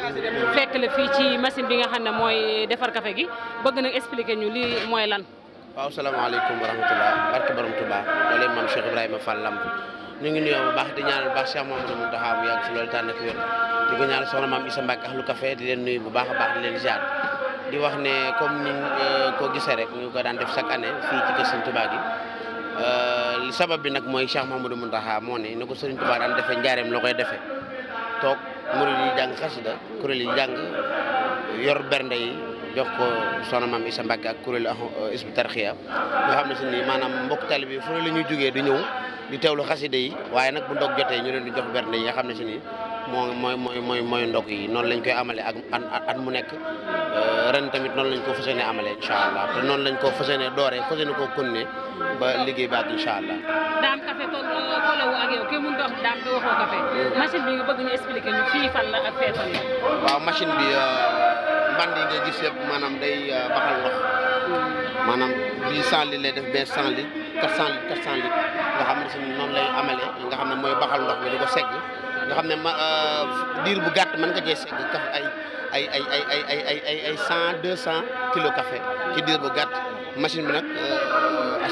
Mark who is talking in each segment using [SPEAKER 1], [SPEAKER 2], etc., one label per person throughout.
[SPEAKER 1] la fekk la fii ci machine bi nga xam ne mooy defar café gi bëgg nag expliquer ñu lii mooy lan.
[SPEAKER 2] waaw salaamaaleykum wa rahmatulah barke borom Tuubaa loolee maam Cheikh Ibrahima Fall Lamp ñu ngi nuyoo bu baax di ñaanal bu baax Cheikh Mamadou Mountakha mu yàgg si loolu tànn ak wér di ko ñaanal soxna maam Issa Mbacke Ahlou Café di leen nuyu bu baax a baax di leen ziar di wax ne comme ni euh, ko gisee rek ñu ko daan def chaque année fii ci kër Serigne Touba gi. li euh, sabab bi nag mooy Cheikh Mamadou Mountakha moo ne ni ko Serigne Touba daan defee njaareem la koy defee toog. murid yi jàng xasida kuréel yi jàng yor bernde yi jox ko soxna maam Issa Mbacke ak kuréelu euh, Hizbut Tarqiyyah ñoo xam ne si nii maanaam mbokk talib yi fu ne la ñuy jógee di ñëw di teewlu xasida yi waaye nag bu ndoog jotee ñu leen di jox bernde yi nga xam ne si nii moo mooy mooy mooy mooy ndog yi noonu lañ koy amalee ak at mu nekk euh, ren tamit noonu lañ ko fas yéene amalee incha allah te noonu lañ ko fas yéene dooree fas yéene koo ba liggéey ba ak incha allah.
[SPEAKER 1] daam café toog kolowu ak yow kii mu dox daam bi waxoo café machine bi nga bëgg ñu expliquer bi
[SPEAKER 2] euh, mband nga gis yëpp maanaam day euh, baxal ndox maanaam bii 100 litres lay def bee 100 litres 400 litres 400 nga xam ne si noonu lay amalee nga xam ne mooy baxal ndox bi di ko segg. nga xam ne ma euh, diir bu gàtt mën nga cee segg kaf ay ay ay ay ay ay ay cent deux cent kilos café ci diir bu gàtt machine bi nag euh,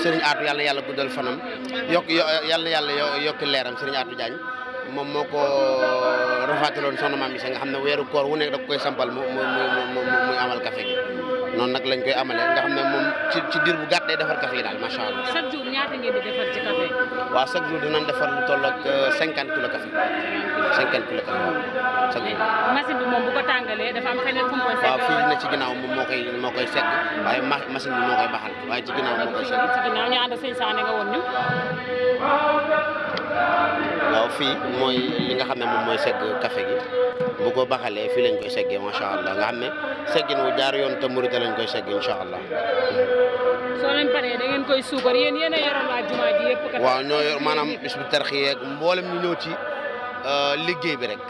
[SPEAKER 2] sëriñ Atou yàlla na yàlla guddal fanam yokk yàlla na yàlla yokki leeram sëriñ Atou Diagne moom moo ko euh, rafaataloon soxna maam bi nga xam ne weeru koor wu nekk da koy sampal mu mu mu mu muy amal café noonu nag lañ koy amalee nga xam ne moom ci ci diir bu gàtt defar kafe yi daal macha allah.
[SPEAKER 1] chaque jour ñaata ngeen di defar ci café.
[SPEAKER 2] waaw chaque jour dinañ defar lu toll ak euh, cinquante kilos café cinquante kilos café waaw chaque
[SPEAKER 1] jour. bi moom bu tàngalee dafa am feneen fu mu koy. waaw fii
[SPEAKER 2] na ci ginnaaw moom moo koy moo koy segg waaye machine bi moo koy baxal
[SPEAKER 1] waaye ci ginnaaw moo koy segg. ci ginnaaw ñu ànd sëñ Sané
[SPEAKER 2] waaw fii mooy li nga xam ne moom mooy segg café gi bu ko baxalee fii lañ koy seggee macha allah nga xam ne seggin wu jaar yoon te murite lañ koy segg incha allah.
[SPEAKER 1] soo leen paree da koy suukar yéen yéen a yoroon waaw
[SPEAKER 2] ñoo yor maanaam Hizbut Tarqiyyah yeeg mboolem ñu ñëw ci euh, liggéey bi rek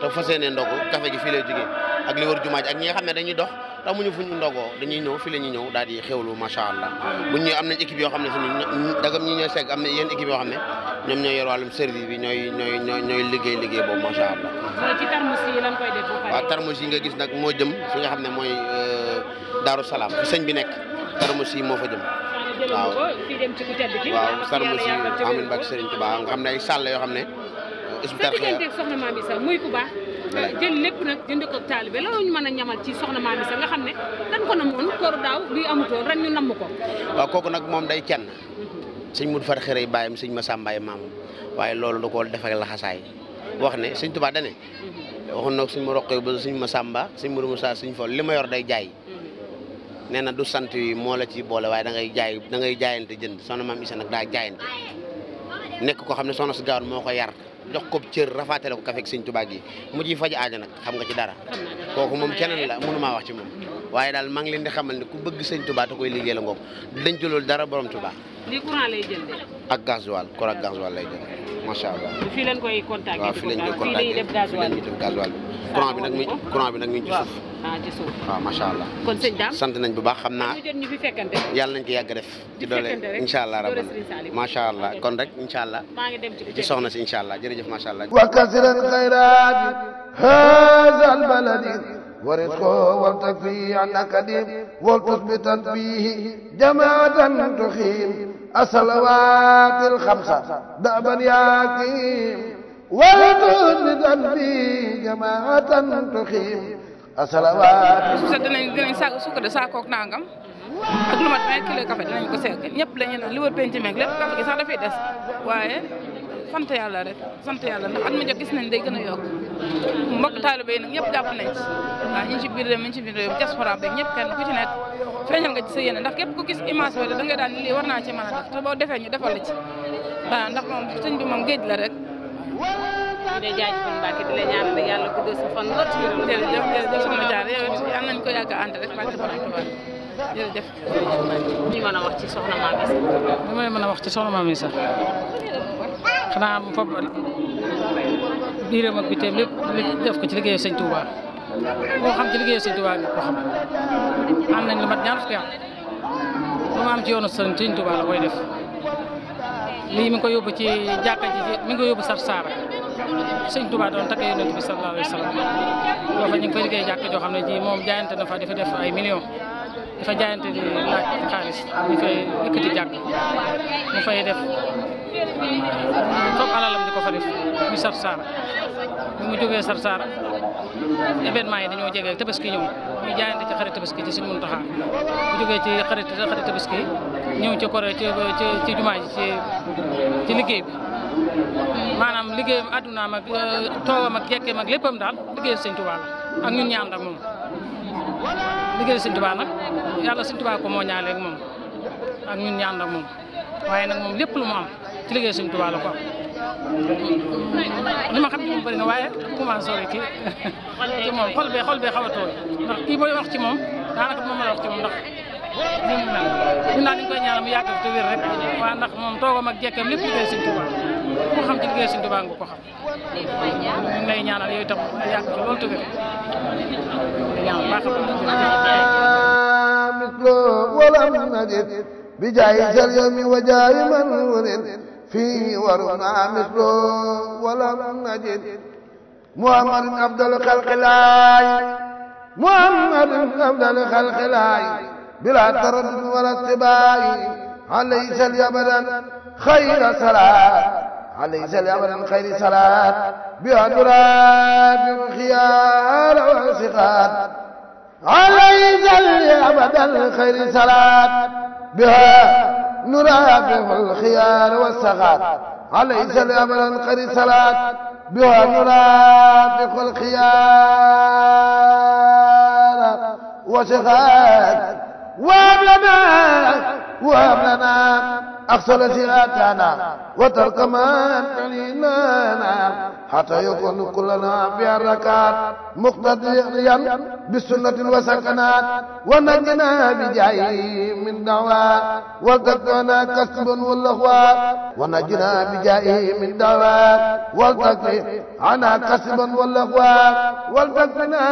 [SPEAKER 2] te fas yéene ndogu café gi fii lay jógee ak li wër jumaa ji ak ñi nga xam dañuy dox. te amuñu fu ñu ndogoo dañuy ñëw fi la ñuy ñëw daal di xewlu macha allah buñ ñëw am nañ équipe yoo xam ne suñu ñi ñooy am na yenn équipe yoo xam ne ñoom ñoo yor wàllum service bi ñooy ñooy ñooy ñooy liggéey liggéey boobu macha allah. ci nga gis nag moo jëm fi nga xam ne mooy euh, Daaru Salaam fi sëñ bi nekk tarmus yi moo fa jëm.
[SPEAKER 1] waaw waaw tarmus yi
[SPEAKER 2] bak Sëriñ Tuubaa nga xam ne ay sàll yoo xam ne. Euh, hospital
[SPEAKER 1] soxna Euh, jël lépp nag jënd ko taalibe loolu ñu mën a ñamal ci soxna maam Isa nga xam ne dañ ko namoon kooru daaw bi amutoon ren ñu namm ko
[SPEAKER 2] waaw kooku nag moom day kenn mhm. sëñ mut far xëre bàyyam sëñ ma sàmbaay maam waaye loolu du ko defal laxasaay wax ne sëñ Tuubaa dane mhm. waxoon nag suñ ma roqee ba suñ ma sàmba suñ ma Musaa suñ fol li ma yor day jaay mhm. nee na du sant yi moo la ci boole waaye da ngay jaay da ngay jaayante jënd soxna maam Isa nag daa jaayante nekk ko xam ne soxna si gaawoon moo ko yar jox ko cër rafaatale ko kafeeg sëñ Tuubaa gi mu ciy faj aaja nag xam nga ci dara kooku moom keneen la mënumaa wax ci moom waaye daal maa ngi leen di xamal ne ku bëgg sëñ Tuubaa te koy liggéey la ngoog dañ ci dara borom Tuubaa lii courant ak gasoil kor ak gasoil lay jël macha allah.
[SPEAKER 1] fii koy contacter waaw fii lañ koy contacter fii lañ def gasoil bi
[SPEAKER 2] bi nag mi courant bi nag mi ngi ci allah. sant nañ bu baax xam naa. ñu
[SPEAKER 1] jot ñu fi fekkante.
[SPEAKER 2] yàlla nañ ko yàgg def. ci allah rabbi macha allah kon rek incha allah. maa ci soxna si incha allah jërëjëf macha allah. wa kasiran
[SPEAKER 3] xayraati haazal baladi ورزقه والتكفي عن أكديم ولتثبتا فيه جماعة تخيم الصلوات الخمسة دأبا ياكيم ولتثبتا فيه جماعة تخيم
[SPEAKER 4] الصلوات su set dinañ dinañ sàkk sukk de sàkkoog nangam ak lu mat vingt kilo café dinañ ko segg ñëpp lañu li wër penc meeg lépp café gi sax des waaye sant yàlla rek sant yàlla ndax ma jot gis nañ day gën a yokk mbokk taalibe yi nag ñëpp jàpp nañ ci waaw ñi ci biir réew mi ñi ci biir réew diaspora bi ñëpp kenn ci nekk feeñal nga ci sa yéene ndax ku gis image boobu da ngay daal lii war naa ci mën a def te boo defee ñu defal la ci bi moom géej la rek di la jaajëfal Mbacke di la ñaanal rek yàlla guddal nañu ko yàgg a rek Mbacke borom Tuubaa mën a wax ci soxna Mame Issa li mën a wax ci soxna Mame Issa biiram ak biteem lépp def ko ci liggéeyu sañ Touba koo xam ci liggéeyu sëñ Touba bi xam nañ lu mat ñaar fukki at lu ma ci yoonu sëñ sëñ Touba la koy def lii mi ngi ko yóbbu ci jàkka ji mi ngi ko yóbbu sar saara sëñ Touba doon takk yonent bi sallallahu alayhi wa sallam yoo ñu ngi koy liggéey jàkka joo xam ne ji moom jaayante na fa dafa def ay millions dafa jaayante di laaj xaalis ñu fay yëkkati jàkk fay def foog alalam di ko fa def muy Sarsara bi mu jógee Sarsara événement yi dañoo jege tabaski ñëw muy jaayante ci xarit tabaski ci Sëñ Muntaxa bu jógee ci xarit xarit tabaski ñëw ci kore ci ci jumaa ci liggéey bi maanaam liggéeyam àddunaam ak euh, toogam ak yekkeem mag léppam daal liggéey Sëñ ak ñun ñaan moom liggéey Sëñ Tuubaa nag yàlla Sëñ Tuubaa ko moo moom ak ñun ñaan ak moom waaye nag moom lépp lu mu ci liggéey Sëñ Tuubaa la ko am li ma xam ci moom bëri na waaye commencé sori ci ci moom xol bee xol bee xaw a tool ndax kii booy wax ci moom daanaka moom mën a wax ci moom ndax ñun naan ñun naan ñu koy ñaanal mu yàgg fi te wér rek waaye ndax moom toogam ak jekkam lépp liggéey Sëñ Tuubaa ku xam ci liggéey Sëñ Tuubaa nga ko xam ñu ngi lay ñaanal yooyu tam nga yàgg fi loolu tëgg ñaanal baax a baax
[SPEAKER 3] ولم نجد بجاه اليوم وجاه من ولد fii waruna mislo walam najid muhammadin afdal xalqilaay muhammadin afdal xalqilaay bila taraddud wala istibaay alayhi sal abadan xayra salaat alayhi sal abadan xayri salaat bi aduraat xiyaar wa siqaat
[SPEAKER 5] alayhi sal abadan xayri salaat
[SPEAKER 3] biha نرافق الخيار والصغار عليس الأمر انقر صلاة بها نرافق الخيار وصغار وابلنا وابلنا أقصر سراتنا وترك ما تلينا حتى يكون كلنا في الركات مقتديا بالسنة وسكنات ونجنا بجاي من دعوات والتقنا كسب والأخوات ونجنا بجاي من دعوات والتقي عنا كسب والأخوات والتقنا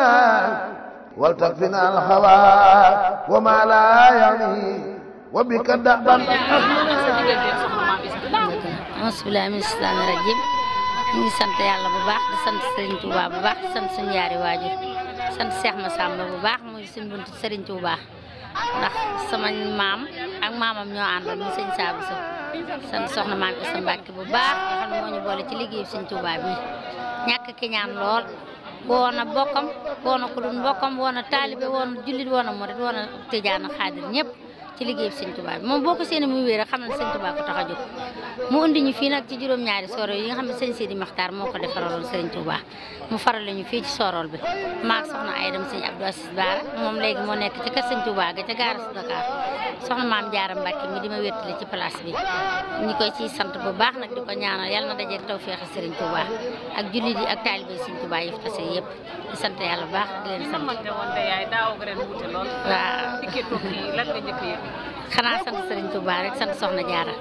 [SPEAKER 3] والتقفنا الهوى وما لا يعني
[SPEAKER 5] وبك دعبا
[SPEAKER 4] أخمنا
[SPEAKER 5] bismillaahi mina shaytaani rajiim ñu ngi sant yàlla bu baax di sant Serigne Touba bu baax di sant suñu ñaari waajur sant Cheikh Massamba bu baax muy suñu buntu Serigne Touba ndax sama maam ak maamam ñoo àndoon mu sëñ saabu sa sant soxna maam Isa Mbàkke bu baax nga moo ñu boole ci liggéeyu Serigne Touba bi ñàkk ki ñaan lool woo na bokkam woo na ku dul bokkam woo na taalibe woo na jullit woo na murit woo na tijaan xaadir ci liggéey sëñ Tuubaa bi moom boo ko seeni muy wéer rek xam ne sëñ Tuubaa ko tax a jóg mu indi ñu fii nag ci juróom-ñaari soorool yi nga xam ne sëñ Sidi Maxtaar moo ko defaraloon sëñ Tuubaa mu faral ñu fii ci soorool bi maag soxna ay dem sëñ Abdou Assis Baara moom léegi moo nekk ci kër sëñ Tuubaa ga ca gaaru su Dakar soxna maam Jaara Mbàkke mi di ma wéttali ci place bi ñi koy ci sant bu baax nag di ko ñaanal yàlla na dajeeg tawféex sëriñ Tuubaa ak jullit yi ak taalibe sëñ Tuubaa yi tase yëpp di sant yàlla bu baax di leen sant xanaa sant Serigne Touba rek sant Soxna Jaara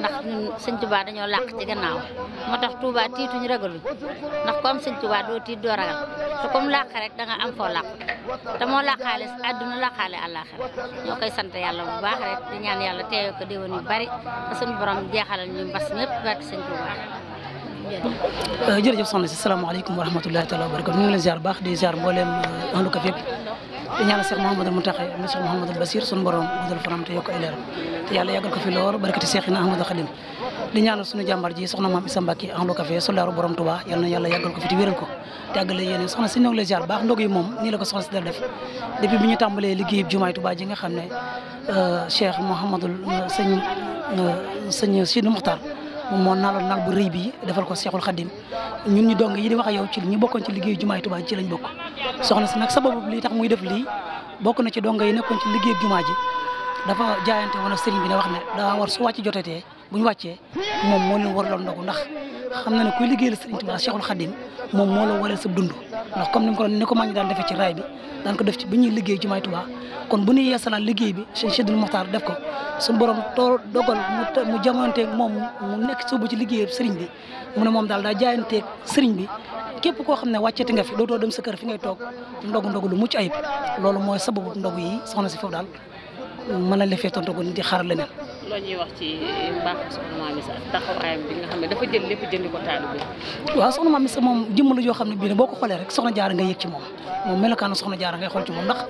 [SPEAKER 5] ndax ñun sëñ Touba dañoo làq ci gannaaw moo tax Touba tiituñu ragaluñ ndax comme sëñ Touba doo tiit doo ragal te comme làq rek da am foo làq te moo làqaale àdduna làqaale àllaaxira ñoo koy sant yàlla bu baax rek di ñaan yàlla teeyoo ko déwén yu bari te suñu borom jeexalal ñu mbas ñëpp barke sëñ Touba
[SPEAKER 6] Euh, jërëjëf soxna si salaamaaleykum wa rahmatullahi taala wa barakatu ñu ngi leen ziar baax di ziar mbooleem ahlu euh, Kafe yëpp di ñaanal Cheikh Mouhamadul Mountakha am na Cheikh Mouhamadul Basir sunu borom guddal fanam te yokk ay di ñaanal sunu jàmbar ji soxna maam Issa Mbacke ahlu Kafe soldaaru borom Touba yal na yàlla yàggal ko fi te wéral ko te àggale yéene soxna si ñoo ngi leen baax ndog yi moom nii la soxna si dal def depuis bi ñu tàmbalee liggéeyub jumaay Touba xam ne euh, Cheikh Mouhamadul sëñ sëñ Sidou Mokhtar moom moo naaloon naal bu rëy bi defal ko Seexul Xaddim ñun ñu dong yi di wax ak yow ci ñi bokkoon ci liggéey jumaay Tuubaa ci lañ bokk soxna si nag sababu lii tax muy def lii bokk na ci dong yi nekkoon ci liggéey jumaa ji dafa jaayante woon ak sëriñ bi ne wax ne daa war su wàcc jotatee bu ñu wàccee moom moo leen waraloon ndogu ndax xam na ne kuy liggéeyal Serigne Touba Cheikhul Khadim moom moo la waral sa dund ndax comme ni ko ni ko mag ñi daan defee ci raay bi daan def ci bi ñuy liggéey jumaay Touba kon bu ñuy yeesalaat liggéey bi Cheikh Sidul def ko suñu borom too dogal mu jamonteeg moom mu nekk sóobu ci liggéey Serigne bi mu ne moom daal daa jaayanteeg Serigne bi képp koo xam ne wàcceti nga fi dootoo dem sa kër fi ngay toog ndogu lu mucc ayib loolu mooy sababu ndogu yi soxna si foofu daal mën na lefee tontogu ni di xaar leneen
[SPEAKER 1] loo ñuy wax ci mbaaxu soxna Mame Issa ak taxawaayam bi nga xam ne dafa jël lépp jëndi ko
[SPEAKER 6] taal bi. waaw soxna Mame Issa moom jëmmalu yoo xam ne bii ne boo ko xoolee rek soxna jaara nga yëg ci moom moom melokaanu soxna jaara ngay xool ci moom ndax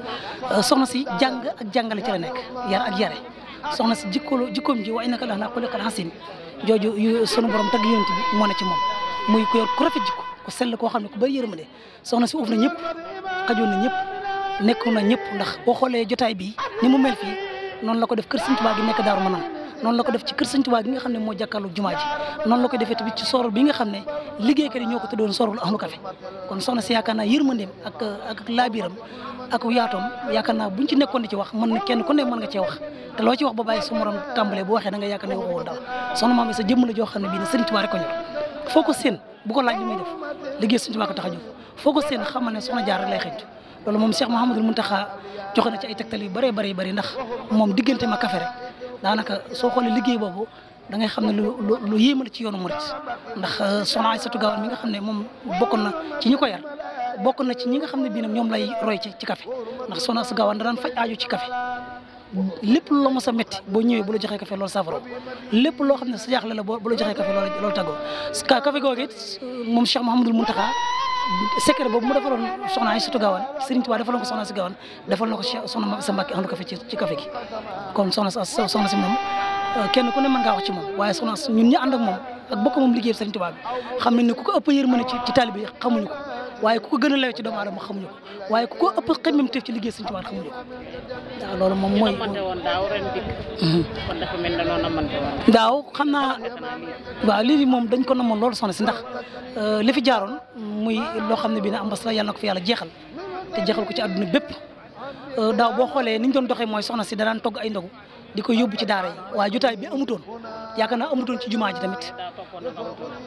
[SPEAKER 6] euh, si jàng ak jàngale ci la nekk yar ak yare si jikkoolu jikkoom ji waaye naka la naa ko lekkal xasin jooju sunu borom tagg yonent bi moo ne ci moom muy ku yor ku jikko ku sell koo xam ne ku bëri de soxna si uuf na ñëpp xajoon na ñëpp nekkoon na ñëpp ndax boo xoolee jotaay bi ni mu mel fii noonu la ko def kër Sëñ Tuubaa gi nekk Daaru Manaan noonu la def ci kër Sëñ Tuubaa gi nga xam ne moo jàkkaarlu jumaa ji noonu la ko defee tamit ci sorol bi nga xam ne liggéeykat yi ñoo ko tuddoon sorol ahlu café yaakaar naa yërmandeem ak ci nekkoon di ci wax mën na kenn ku ne mën nga cee wax te loo ci wax ba bàyyi su morom tàmbalee bu waxee da nga yaakaar ne waxoo woon dara soxna maam sa jëmm la joo xam ne bii ne Sëñ Tuubaa rek ko ñor foo ko seen bu ko laaj li muy def liggéey Sëñ Tuubaa ko tax a jóg foo ko seen xamal ne loolu moom Cheikh Mouhamadul Mountakha joxe na ci ay tegtal yu bëree bëri bëri ndax moom diggante a kafe rek daanaka soo xoolee liggéey boobu da ngay xam ne lu lu lu yéeme la ci yoonu murit ndax euh, soxna Aïssatou Gawane mi nga xam ne moom bokkoon na ci ñi ko bokk na ci ñi nga xam ne bii nag ñoom lay roy ci ci kafe ndax soxna Aïssatou Gawane da daan faj aaju ci kafe lépp loo mos a metti boo ñëwee bu la joxee kafe loolu saafara lépp loo xam ne sa jaaxle la la boo bu la joxee café loolu loolu tàggoo café googu it euh, moom Cheikh Mouhamadul Mountakha secret boobu mu defaloon soxna Aïssatou Gawane Serigne Touba defaloon ko soxna si Gawane defal ko soxna kenn ku ne mën ngaa ci moom waaye soxna ñun ñu ànd ak moom ak bokk moom liggéey Serigne Touba xam nañ ne ku ko ëpp yërmande ci ci taalibe yi waaye ku ko gën a lewe ci doomu aadama xamuñu ko waaye ku ko ëpp xemmemteef ci liggéey Sëñ Tuubaa xamuñu ko loolu moom mooy. Mhm. daaw xam naa waaw lii moom dañ ko namoon loolu soxna si ndax euh, li fi jaaroon muy loo xam ne biin ne am bas la yàlla na ko fi yàlla jeexal te jeexal ko ci àdduna bépp euh, daaw boo xoolee niñ doon doxee mooy soxna si danaan togg ay ndogu di ko yóbbu ci daara yi waaye jotaay bi amutoon yaakaar naa amutoon ci jumaa ji tamit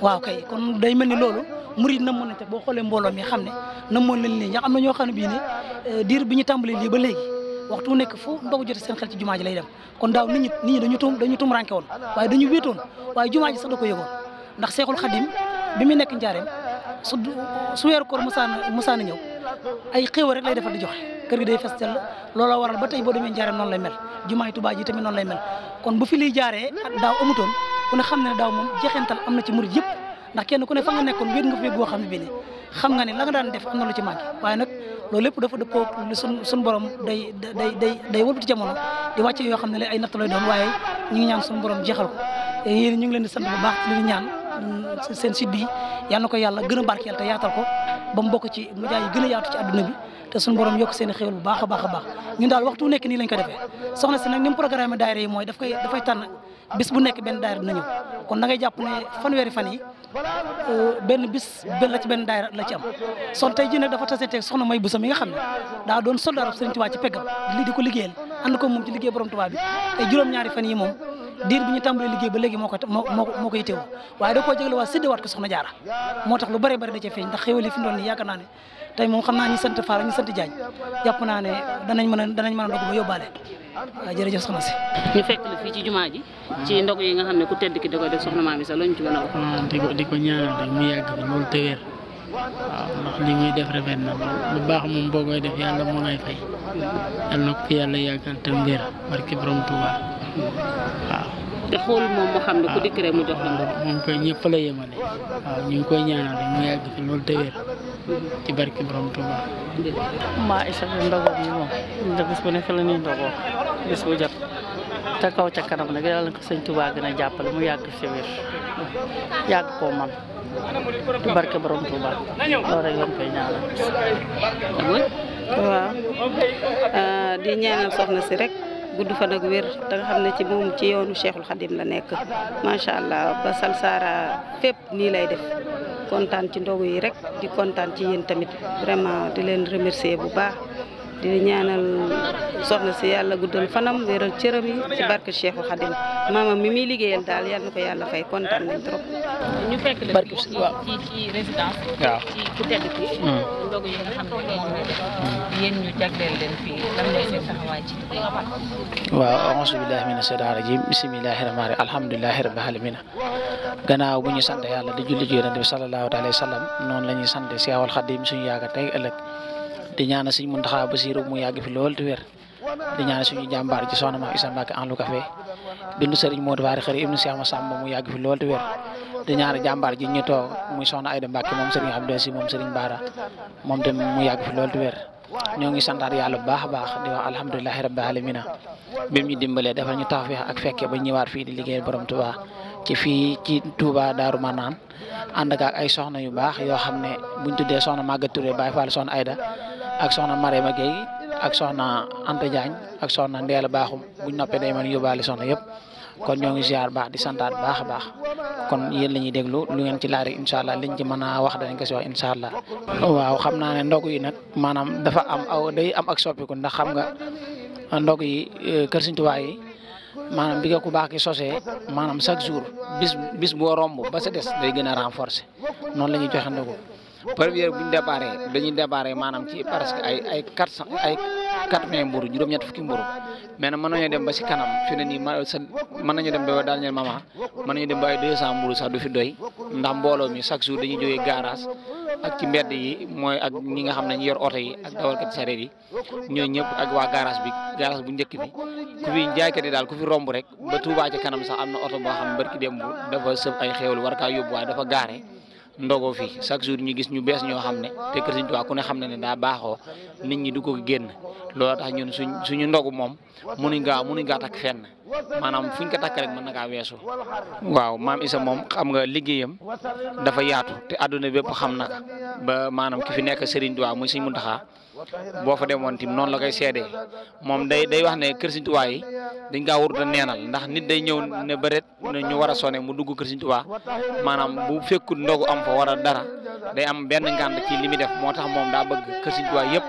[SPEAKER 6] waaw kay kon day mel ni loolu murid na mën te boo xoolee mbooloo mi xam ne na moon leen lii ñax am na ñoo xam ne bii ne eh, diir bi ñu tàmbalee lii ba léegi waxtu nekk fu ndogu jotee seen xel ci jumaa ji lay dem kon daaw nit ñi nit ñi dañu tum dañu tum ranke woon waaye dañu wéetoon waaye jumaa ji sax da ko yëgoon ndax Seexul Xadim bi mu nekk njaareem su su weeru koor musaana musaana ñëw ay xéewal lay defal di joxe kër gi day fes dell a waral ba tey boo demee njaareem noonu lay mel jumaay Tuubaa ji tamit noonu lay mel kon bu fi liy jaaree ak daaw amutoon ku ne xam ne daaw moom jeexintal am na ci murid yëpp ndax kenn ku ne fa nga nekkoon wéet nga fi goo xam ne bii ne xam nga ne la nga daan def am lu ci manqué waaye nag loolu lépp dafa dëppoo lu sun suñ borom day day day jamono di wàcce yoo xam ne ay natt lay doon waaye ñu ngi ñaan suñu borom jeexal ko eh, yéen ñu ngi leen di sant bu baax li ñu ñaan seen site bi yal na ko yalla gën a barkeel te yaatal ko ba mu bokk ci médias yi gën yaatu ci adduna bi te suñu borom yokk seen i xéwal bu baax a baax a daal waxtu nekk nii lañ ko defee soxna si nag ni mu programme daayira yi mooy daf koy dafay tànn bis bu nekk benn daayira dina ñëw kon da jàpp ne fanweeri yi euh, benn bis benn la benn daayira la ci am son tey jii nag dafa tase teg soxna May Bousso mi nga xam ne daa doon soldaarab Sëriñ Tuubaa ci peggam lii di ko liggéeyal ànd ko moom ci liggéey borom Tuubaa bi te juróom-ñaari fan yi moom diir bi ñu tàmbalee liggéey ba léegi moo ko moo moo koy teew waaye da koo jégle waa séddewaat ko soxna jaara moo tax lu bëri bëri da ca feeñ ndax xéwal yi fi mu xam naa ñi sant Faara ñi sant Jaañ jàpp naa ne a danañ mën a dog ba yóbbaale waaw si ñu fekk
[SPEAKER 1] la fii ci jumaa ji ci ndog yi nga xam ne ku tedd ki da koy def soxna maam isa loñu ci mën a wax
[SPEAKER 4] di ko di ko ñaanal rek mu yàgg loolu te waaw ndax li muy def rafet na lu baax moom boo koy def yàlla moo lay fay yàlla na ko fi yàlla yàggal te mbir barke borom Tuubaa waaw te xool moom moo xam ne ku dikk mu jox la ndox moom ñu ngi koy ñaanal rek mu yàgg fi loolu te wér ci barki borom Touba maa isag ndogo bu ne fi la ñuy ndogoo bis bu jot ca kaw ca kanam nag yàlla na ko sëñ Touba gën a jàppale mu yàgg si wér yàgg koo man
[SPEAKER 6] ci barke borom Touba loolu rek lañ koy ñaanal waaw ah, di ñaanal soxna si rek gudd fan ak wér danga xam ne ci moom ci yoonu Cheikhul Khadim la nekk macha allah ba saara fépp nii lay def kontaan ci ndogu yi rek di kontaan ci yéen tamit vraiment di leen remercier bu baax. di ñaanal soxna si yàlla guddal fanam wéeral cëram yi ci barke Cheikhou Khadim maamam mi muy liggéeyal daal yal na ko yàlla fay kontaan nañ trop. ñu fekk
[SPEAKER 1] waaw ci ku tedd ki.
[SPEAKER 4] ndogu yi nga xam ne moom la def.
[SPEAKER 1] yéen
[SPEAKER 7] ñu bu ñu sant yàlla di julli ci yonent bi sallallahu alayhi wa noonu la ñuy sant Cheikhou Khadim suñu yaaga tey di ñaanal suñu Muntaxa Basiru mu yàgg fi lool te wér di ñaanal suñu jàmbaar ci soxna Maam Isa Mbàkke Ahlu Café bindu sëriñ Modou Vary Khary ibnu Cheikh Massamba mu yàgg fi lool te wér di ñaanal jàmbaar ji ñu toog muy soxna Ayda Mbàkke moom sëriñ Abdou Si moom sëriñ Baara moom tamit mu yàgg fi lool ñoo ngi santaat yàlla bu baax a baax di wax alhamdulilahi rabbil alamina bim ñu dimbalee defal ñu tawfeex ak fekke ba ñëwaat fii di liggéeyal borom Touba ci fii ci Touba Daaru Manaan ànd ak ay soxna yu baax yoo xam ne buñ tuddee soxna Maga Touré Baye Fall soxna Ayda ak soxna ma Gueye ak soxna Anta Diagne ak soxna Ndéla Bakhoum buñ noppee day mën yóbbaale soxna yëpp kon ñoo ngi ziar baax di santaat baax a baax kon yéen la ñuy déglu lu ngeen ci laar incha allah liñ ci mën a wax danañ ko si wax incha allah. waaw xam naa ne ndog yi nag maanaam dafa am aw day am ak soppiku ndax xam nga ndog yi e, kër Sëriñ Tuubaa maanaam bi ku baax ki sosee maanam chaque jour bis bis boo romb ba sa des day gën a renforcer noonu la ñuy joxe ndogu
[SPEAKER 8] première bu ñu déparé dañuy déparé maanaam ci parce que ay ay quatre cent ay mburu juróom-ñett fukki mburu mais nag mën nañoo dem ba si kanam fi ne nañu dem ba daal ñeen mama mën nañu dem ba ay deux cent mburu sax du fi doy ndax mbooloo mi chaque jour dañuy jógee garage ak ci mbedd yi mooy ak ñi nga xam ne ñi yor oto yi ak dawalkat sareet yi ñooñu ñëpp ak waa garage bi garage bu njëkk bi ku fi jaaykat yi daal ku fi romb rek ba tubaa ci kanam sax am na oto ba xam barki dem bu dafa sëf ay xéewal war kaa yóbbu waaye dafa gaare ndogo fi chaque jour ñu gis ñu bees ñoo xam ne te kër Sëñ Tuubaa ku ne xam ne ne daa baaxoo nit ñi du ko génn loolu tax ñun su suñu ndogu moom mu munuñ gaa munuñ gaa takk fenn maanaam fuñ ko takk rek mën na kaa weesu. waaw maam Isa moom xam nga liggéeyam dafa yaatu te àdduna bépp xam na ba maanaam ki fi nekk Serigne Touba muy mu Muntaxa boo fa demoon tim noonu la koy seedee moom day day wax ne kër Sëriñ Tuubaa yi dañ kaa warut a neenal ndax nit day ñëw ne bëreet ñu war a sone mu dugg kër Sëriñ maanam bu fekkut ndogu am fa war dara day am benn ngànt ci li muy def moo tax moom daa bëgg kër Sëriñ Tuubaa yëpp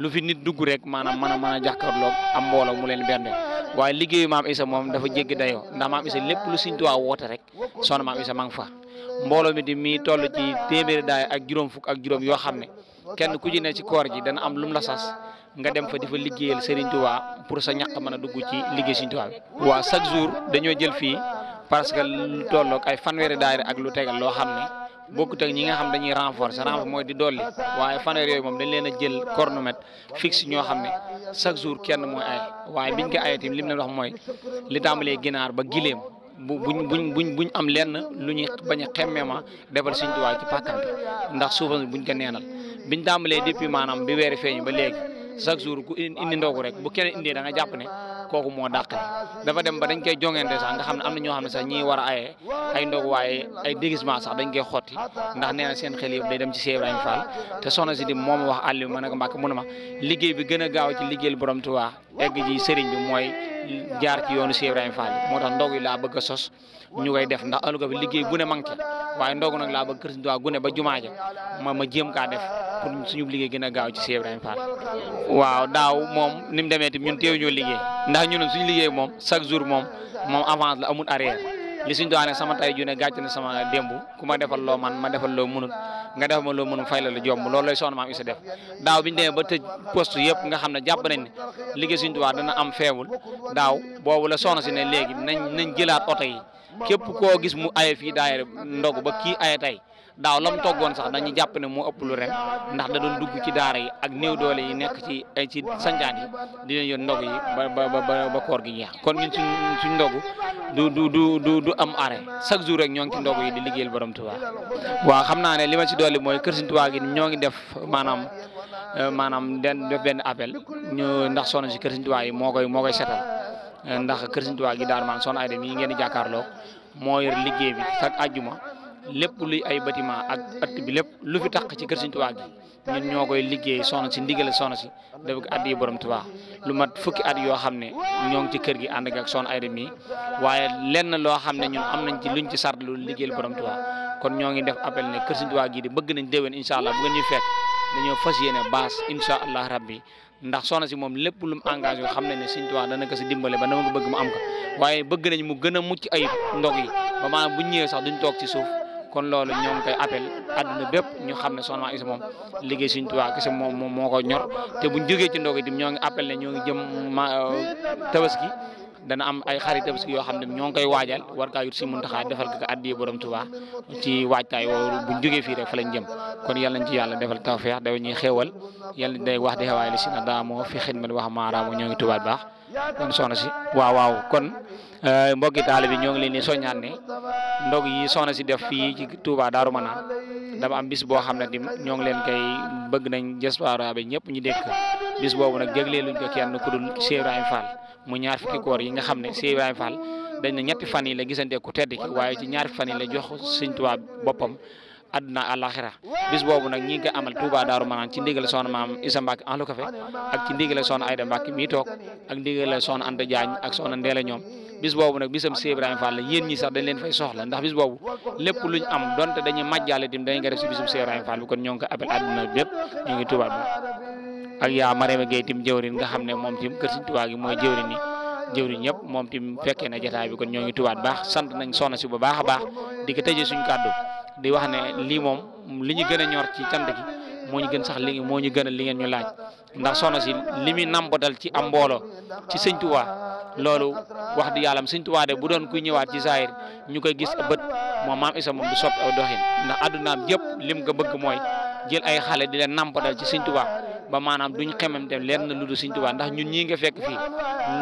[SPEAKER 8] lu fi nit dugg rek maanaam mën a mën a jàkkaarloog am mbooloo mu leen bernde waaye liggéeyu maam Isa moom dafa jéggi dayoo ndax maam Isa lépp lu Sëriñ Tuubaa woote rek soxna maam Isa ma ngi fa mbooloo mi di mi toll ci téeméeri ak juróom fukk ak juróom yoo xam ne kenn ku ci ne ci koor gi dana am lum la sas nga dem fa di liggéeyal seen Serigne Touba pour sa ñaq mën a dugg ci liggéey Serigne Touba bi. waaw chaque jour dañoo jël fii parce que lu ay fanweeri daayira ak lu tegal loo xam ne bokkut ak ñi nga xam dañuy renforcer renforcer mooy di dolli waaye fanweer yooyu moom dañ leen a jël cornomètre fixe ñoo xam ne chaque jour kenn mooy ay waaye biñ ko ayee tamit lim leen wax mooy li tàmbalee ginaar ba gileem. bu buñ buñ buñ buñ am lenn lu ñuy bañ a xemmeema defal Sëriñ Tuubaa ci pàkkam bi ndax suufam buñ ko neenal biñ tàmbalee depuis maanaam bi weer feeñ ba léegi chaque jour ku indi ndogu rek bu kenn indi da nga jàpp ne kooku moo dàqale dafa dem ba dañ koy jongante sax nga xam ne am na ñoo xam ne sax ñi war a aye ay ndog waaye ay déguisement sax dañ koy xotti ndax nee seen xel yëpp day dem ci Cheikh Ibrahima Fall te soxna si di moom wax àll bi ma ne ko mbàkk ma liggéey bi gën gaaw ci liggéeyal borom waa egg ji sëriñ bi mooy jaar ci yoonu Cheikh Ibrahima moo tax ndog yi laa bëgg a sos ñu koy def ndax aluga bi liggéey gune ne manqué waaye ndogu nag laa bëgg kër Sëriñ Tuubaa ba jumaa ja ma ma jéem kaa def pour suñu liggéey gën a gaaw ci Cheikh Ibrahima waaw daaw moom ni mu demee tamit ñun teew ñoo liggéey ndax ñun suñu liggéey moom chaque jour moom moom avance la amul arrière li Sëriñ Tuubaa ne sama tay ju ne gàcc na sama démb ku ma defal loo man ma defal loo mënut nga defal ma loo mënut fay la la jomb loolu lay soxna maam Issa def daaw biñu demee ba tëj poste yëpp nga xam ne jàpp nañ ne liggéey Sëriñ Tuubaa dana am feebul daaw boobu la soxna si ne léegi nañ nañ jëlaat oto képp koo gis mu aye fii daayira ndogu ba kii aye tey daaw lam toggoon sax dañu jàpp ne moo ëpp lu ren ndax da du dugg ci daara yi ak néew doole yi nekk ci ay eh, ci sanjaan yi dina yoon ndog yi ba ba ba koor gi jeex kon ñun suñ suñ ndogu du du du du am arrêt chaque jour rek ñoo ngi ci ndogu yi di liggéeyal borom Tuubaa waaw xam naa ne li ma ci dolli mooy kër Sëriñ Tuubaa gi ñoo ngi def maanaam eh, maanaam den def benn appel ñu ndax soxna si kër Sëriñ yi moo koy moo koy setal ndax kër Sëriñ Tuubaa gi Daaru Marnaan Soxna Aida mii ngeen di jàkkaarloo mooy liggéey bi chaque àjjuma lépp luy ay bâtiment ak ëtt bi lépp lu fi tax ci kër Sëriñ Tuubaa gi ñun ñoo koy liggéey soxna si ndigale soxna si def ko addi borom Tuubaa lu mat fukki at yoo xam ne ñoo ngi ci kër gi ànd ak Soxna Aida mii waaye lenn loo xam ne ñun am nañ ci luñ ci sart lu liggéeyal borom kon ñoo ngi def appel ne kër Sëriñ gi di bëgg nañ déwén incha allah bu ngeen ñuy fekk dañoo fas yéene baas incha allah rabbi ndax soxna si moom lépp lu mu engagé xam nañ ne Sëñ Tuubaa dana ko si dimbale ba dama ko bëgg mu am ko waaye bëgg nañ mu gën a mucc ayib ndog yi ba maanaam bu ñëwee sax duñ toog ci suuf kon loolu ñoo ngi koy appel àdduna bépp ñu xam ne soxna Isa moom liggéey Sëñ Tuubaa kese moom moo ko ñor te buñ jógee ci ndog yi itam ñoo ngi appel ne ñoo ngi jëm ma euh, tabaski dana am ay xarit tabaski yoo xam ne ñoo ngi koy waajal war kaa yut si muntaxaa defal ko addiye borom Tuubaa ci waajtaay woowu bu jógee fii rek fa lañ jëm kon yal nañ ci yàlla defal tawfeex day ñuy xéewal yàlla day wax di xewaay li si na daamoo fi xidmat wax maaraamoo ñoo ngi tubaat baax kon soxna si waaw waaw kon eh, mbokki taale bi ñoo ngi leen di soññaat ne ndog yi soxna si def fii ci Touba Daaru Manaan dafa am bis boo xam ne tim ñoo ngi leen koy bëgg nañ jëspara ba ñëpp ñu dégg bis boobu nag jéglee luñ ko kenn ku dul Cheikh Ibrahima mu ñaar fukki koor yi nga xam ne Cheikh Ibrahima dañ ne ñetti fan yi la gisante ku tedd ki waaye ci ñaar fan yi la jox Sëñ Tuubaa boppam àdduna àlaxira bis boobu nag ñi ngi koy amal Touba Daaru Manaan ci ndigal soxna maam Isa Mbacke Ahlu Kafe ak ci ndigale soxna Ayda Mbacke mii toog ak ndigale soxna Anta Diagne ak soxna Ndeela ñoom bis boobu nag bisam Cheikh Ibrahima Fall yéen ñi sax dañ leen fay soxla ndax bis boobu lépp luñ am donte dañuy màjjaale tim dañu ko def si bisum Cheikh Ibrahima Fall kon ñoo ngi ko abel àdduna bépp ñoo ak yaa Marème Gueye tim jëwrin nga xam ne moom tim kër Sëriñ Tuubaa gi mooy jëwrin yi jëwriñ ñëpp moom tim fekkee na jetaay bi ko ñoo ngi tuwaat baax sant nañ soxna si bu baax a baax di ko tëjee suñu kàddu di wax ne lii moom li ñu gën a ñor ci cant gi moo ñu gën sax li moo ñu gën a li ngeen ñu laaj ndax soxna si li muy nambatal ci am mbooloo ci sëñ Tuubaa loolu wax di yàllam sëñ Tuubaa de bu doon kuy ñëwaat ci saayir ñu koy gis bët moom maam isa moom du soppi aw doxin ndax addunaam yëpp lim nga bëgg mooy jël ay xale di leen nampatal ci sëñ ba maanaam duñ xemam dem leen na ludu Sëriñ Tuubaa ndax ñun ñii nga fekk fii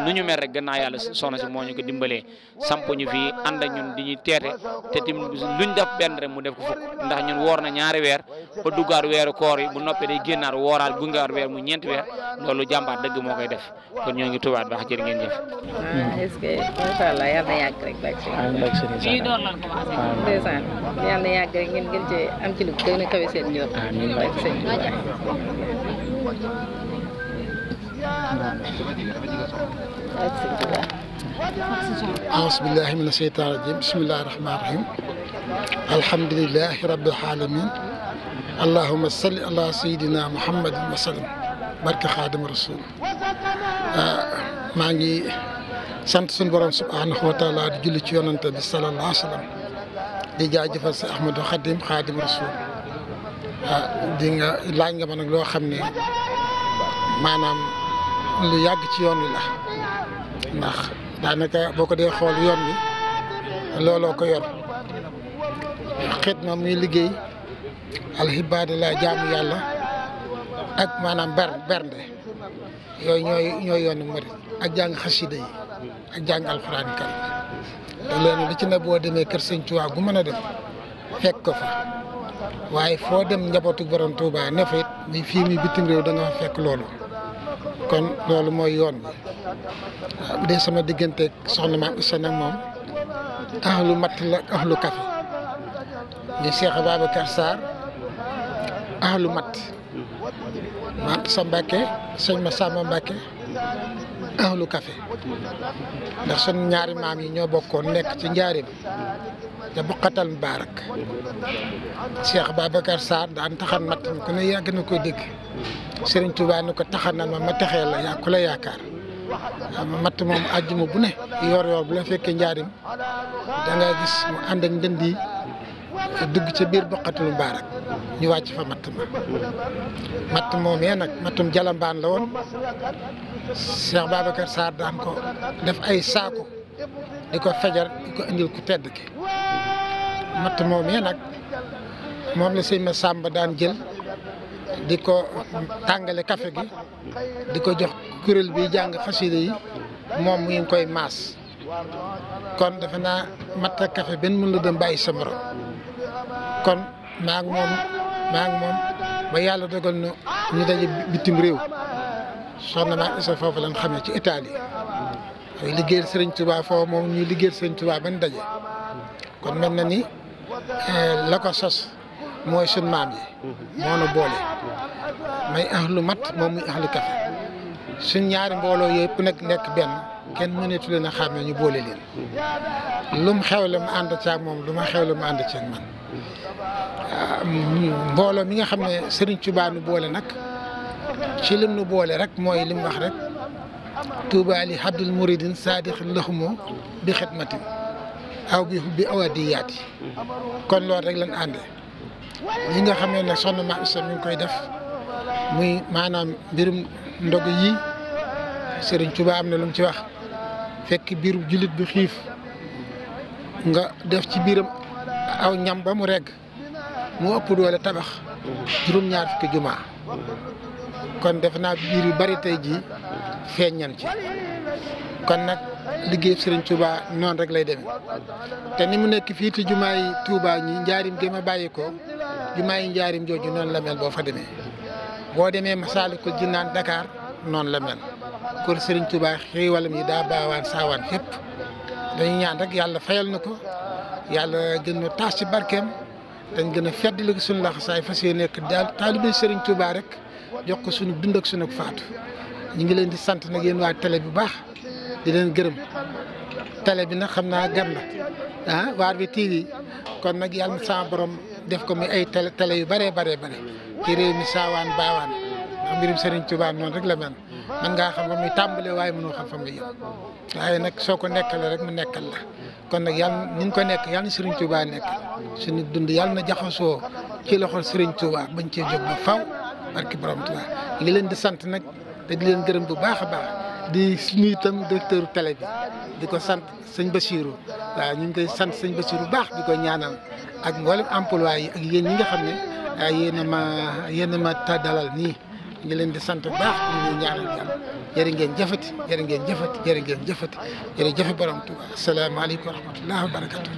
[SPEAKER 8] nu ñu mel rek gannaaw yàlla soxna si moo ñu ko dimbalee samp ñu fii ànd ak ñun di ñu teete te tim luñ def benn rek mu def ko fukk ndax ñun woor na ñaari weer ba duggaat weeru koor yi bu noppee day génnaat wooraat gungaat weer mu ñeenti weer loolu jàmbaar dagg moo koy def ko ñoo ngi tubaat baax jërë ngeen jëf.
[SPEAKER 4] Ah, est-ce que macha allah yal na yàgg rek baax si. amiin door lan ko wax ndeysaan a
[SPEAKER 9] aasbillahi mina seytaan rajim bismillahi rahmaan rahim alhamdulilahi rabbil salli ala sayidina muhammadin wa sallim barke xaadima rasul maa ngi sant suñu borom subhaanahu di julli ci yonante bi sallallahu alayhi wa di jaajëfal si ahmadou xadim xaadim rasul Ah, di nga laaj nga ma nag loo xam ne maanaam lu yàgg ci yoon wi la ndax daanaka boo ko dee xool yoon wi looloo ko yor xidma muy liggéey alxibaada laa jaamu yàlla ak maanaam ber bernde yooyu ñooy ñooy yoonu murit ak jàng xasida yi ak jàng alxuraan kan te leen lu ci ne boo demee kër sëñ Tuubaa gu mën a dem fekk ko fa waaye foo dem njabootu borom Touba ne fa fii mi bitim réew da nga fa fekk loolu kon loolu mooy yoon bi waaw bu dee sama digganteeg soxna maam Issa nag moom ahlu matt la ak ahlu kafe ñu Cheikh Ababacar Sarr ahlu matt maam Issa Mbacke sëñ ma Samba Mbacke ahlu kafe ndax seen ñaari maam yi ñoo bokkoon nekk ci njaarim te buqatal mbaarak Cheikh Babacar Sarr daan taxan matt mi ku ne yàgg na koy dégg Serigne Touba ko taxanal ma ma texe la yaa ku la yaakaar waaw matt moom àjjuma bu ne yor-yor bu la fekkee njaarim da gis mu ànd ak ndënd yi dugg ca biir boqatul mubaarak ñu wàcc fa matt ma matt moomee nag mattum jalambaan la woon Cheikh Babacar Sarr ko def ay saako di ko fajar di tedd ki matt moomee nag moom la sëñ ma Sàmba daan jël di ko tàngale kafe gi di ko jox kurél bi jàng xasida yi moom mu ngi koy maas kon defe naa matt ak kafe benn mën dem bàyyi sa morom kon maa moom maa moom ba yàlla dogal na ñu daje bitim réew soxna maa isa foofu xam xamee ci Italie ay liggéeyal sëriñ Tuubaa foofu moom ñuy liggéeyal sëriñ Tuubaa ban daje kon mel na ni eh, la ko sos mooy sun maam yi moo nu boole may ahlu mat moom muy ahlu kafe suñ ñaari mbooloo yooyu bu nekk nekk benn kenn mënetu leen a xàmmee ñu boole leen lum xewle mu ànd caag moom lu ma xewle mu ànd caag man mbooloo mi nga xam ne Serigne Touba nu boole nag ci lim nu boole rek mooy lim wax rek Touba li Abdul Muridin Saadix laxumoo bi xidmatin aw bi bi awadiyaati kon loolu rek lañ àndee yi nga xam ne nag soxna Maam koy def muy maanaam mbirum ndog yi sëriñ Touba am na lu mu ci wax fekk biiru jullit bi xiif nga def ci biiram. aw ñam ba mu regg mu ëpp doole tabax juróom-ñaar fukki jumaa kon def naa biir yu bari tey jii feeññan ci kon nag liggéey Serigne Touba noonu rek lay demee te ni mu nekk fii ci jumaa yi Touba ñi njaarim gi bàyyi ko jumaa yi njaariñ jooju noonu la mel boo fa demee boo demee ko Masaalikul naan dakaar noonu la mel kon Serigne Touba xéewalam yi daa baawaan saawaan fépp dañu ñaan rek yàlla fayal na ko yàlla gën a taas ci barkeem dañ gën a feddali ko suñu laxasaay fa yéene nekk daal taalibe Sëriñ Tuubaa rek jox ko suñu dund ak suñu faatu ñu ngi leen di sant nag yéen waa tele bu baax di leen gërëm télé bi nag xam naa gan la ah, waar bi TV kon nag yàlla na sama borom def ko muy ay télé télé yu bëree bëree bëri ci réew mi saawaan baawaan ndax Sëriñ Tuubaa noonu rek la mel man ngaa xam fa muy tàmbalee waaye mënoo xam fa muy yem waaye nag soo ko nekkalee rek mu nekkal la. kon nag yàlla ni ñu ko nekk yàlla na Serigne Touba nekk suñu dund yàlla na jaxasoo ci loxol Serigne Touba bañ cee jóg ba faw barki borom Touba li leen di sant nag te di leen gërëm bu baax a baax di ñuy itam directeur télé bi di ko sant sëñ Bassirou waaw ñu ngi koy sant sëñ Bassirou bu baax di ko ñaanal ak mboolem emploi yi ak yéen ñi nga xam ne yéen a ma yéen a ma ta dalal nii. ngi leen di sant bu baax di leen ñaanal jàmm jërë ngeen jëfati jërë ngeen jëfati jërë ngeen jëfati jërëjëf borom Tuubaa asalaamaaleykum barakatu.